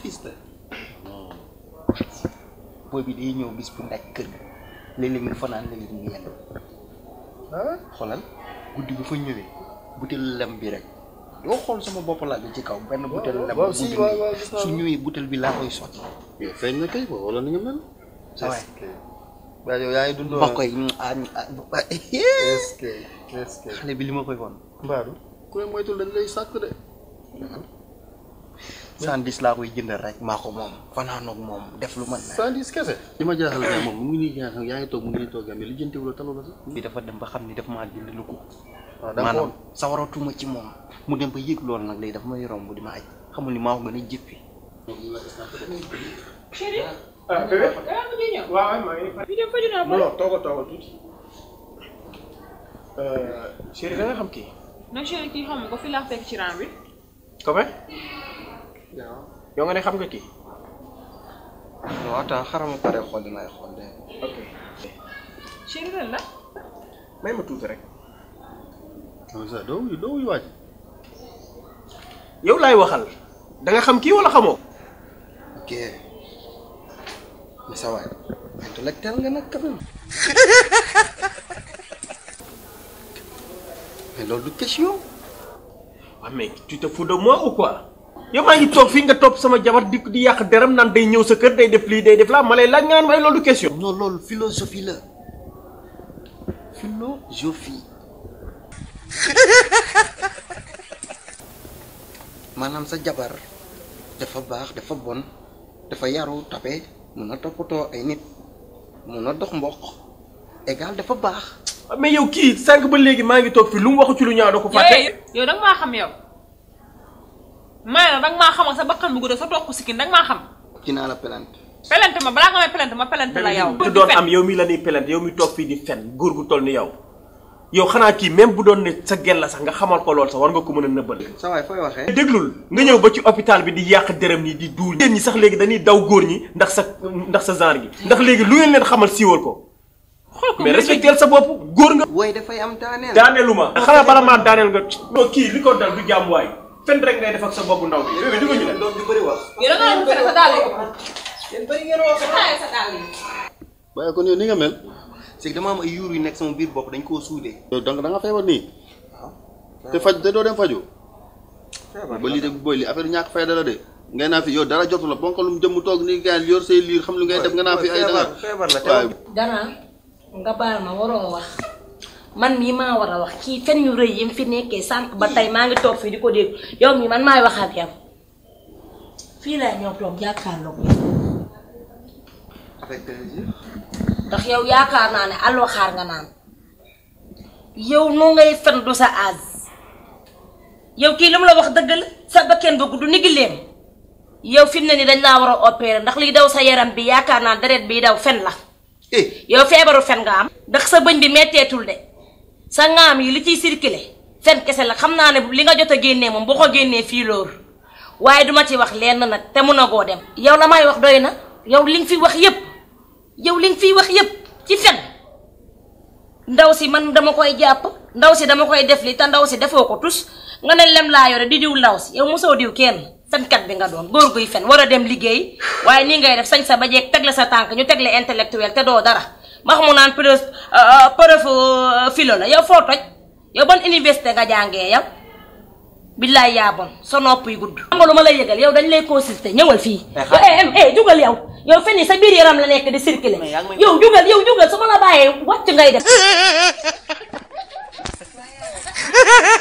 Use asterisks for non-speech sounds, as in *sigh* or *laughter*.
fils la booy bi day ñëw bis bu ndaj kër gi fanaan léeg-léeg mu yendu ah? guddi bu fa ñëwee butéelu lem bi rek doo xool sama bopp laa bi ci kaw benn butéel lem bu su ñëwee butéel bi laa koy sotti xale bi li ma koy woon ku ne moytul dañ lay sàkk de hmm? 110 laa koy jëndal rek maa ko moom fanaanoog moom def lu man 110 kese li ma jaaxal kay moom mu ngi nii jaaxal yaa ngi toog mu ngi nii toog yaa li jëntiwu la talu la sax bi dem ba xam ni daf maa lu ko ah, maanaam sawaratuma ci moom mu dem ba yëg loolu nag léegi dafa may romb di ma aj xamul ni maa ko gën a jëppi ah, ah bébé ah, ba. non toogal euh, xam kii. non chéri kii xam nga fi laa fekk ci rang bi. comment. waaw nga ne xam nga kii. non attends xaaral ma pare xool dinaay xool de. may ma tuuti rek. non ça doo yow laay waxal da xam kii wala xamoo. ok. sa nag *laughs* loolu du question. waaw ah, mais tu te fous de moi ou quoi. yow maa ngi toog fii nga topp sama jabar di di yàq deram naan day ñëw sa kër day def lii day def laa ma lay laaj nga naan waaye loolu question. non loolu philosophie la philosophie *laughs* maanaam sa jabar dafa baax dafa bon dafa yaru tabe mun a toppatoo ay nit mun a dox mboq égal dafa baax. Ah, mais yow kii sànq ba léegi maa ngi toog fii lu mu waxu ci lu ñaaw da ko fàtte. yow da maa xam yow. maanaam danga maa xam ak sa bakkan bu gudd sa toog sikkin danga maa xam. dinaa la pelante. pelante ma balaa nga may pelante ma pelante la yow. bu doon am yow mi la ñuy pelante yow mi toog fii di fen góor gu toll ni yow. yow xanaa kii même bu doon ne sa gel la sax nga xamal ko lool sax war nga ko mën a nëbbal. sa waay fooy waxee. déglul nga ñëw ba ci hôpital bi di yàq dërëm nii di duul. jigéen ñi sax léegi dañuy daw góor ñi ndax sa ndax sa genre gi. ndax léegi lu ngeen leen xamal siiwal ko. xool ko mais respecteel sa bopp góor nga. waaye dafay am daaneel. daaneelu ma. xanaa bala maa daaneel nga. kii li ko dal du jàmm fen ngay def sa bobu ndaw bi yow duggu ñu la ju bari wax yow nga am bari ngeen wax sa ni nga kan, mel c'est dama am ay yuur yu nekk sama biir bopp dañ koo suudé yow donc da nga feebar nii te faj te doo dem faju ba lii de boy li affaire ñàkk fayda la de ngay naa fi yow dara jotu la bonkalum jëm toog ni gaal kan, yor say liir xam lu ngay def nga fi ay dara feebar la dara nga baal ma wax man mi ma wara wax ki fen ñu reuy yim fi nekké sank ba tay ma ngi tok fi diko deg yow mi man may wax ak yow fii laa ñëw toog jàkkaarloog tax yow yaakaar na né allo xaar nga naan yow no ngay fen du sa az yow ki lum la wax deug la sa bakken bu gudd nigi leem yow fi ne ni dañ la wara opérer ndax li daw sa yaram bi yaakaar naa deret bi daw fen la eh. yow febaru fen nga am ndax sa bañ bi metetul de sa ngaam yi li ciy circulé fen kese la xam naa ne li nga jot a génnee moom boo ko génnee fii lóor waaye duma ci wax lenn nag te mun a koo dem. yow la may wax doy na yow li nga fi wax yépp yow li nga fiy wax yépp ci fen ndaw si man dama koy jàpp ndaw si dama koy def li te ndaw si defoo ko tus nga ne lem laa yore di diw ndaw si yow mosoo diw kenn. fenkat bi nga doon góor guy fen war a dem liggéey waaye nii ngay def sañ sa ba jeeg teg la sa tànk ñu teg la intellectuel te doo dara max mu naan preuve euh, euh, preuve euh, philo la yow foo toj yow ban université nga jàngee yow billaay yaa bon sa nopp yu gudd. xam nga lu ma lay yëgal yow dañ lay consulter ñëwal fii. yow eh, eh, eh jugal yow yow fenn sa biir yaram la nekk di circuler yow jugal yow jugal su ma la bàyyee wàcc ngay def. *laughs*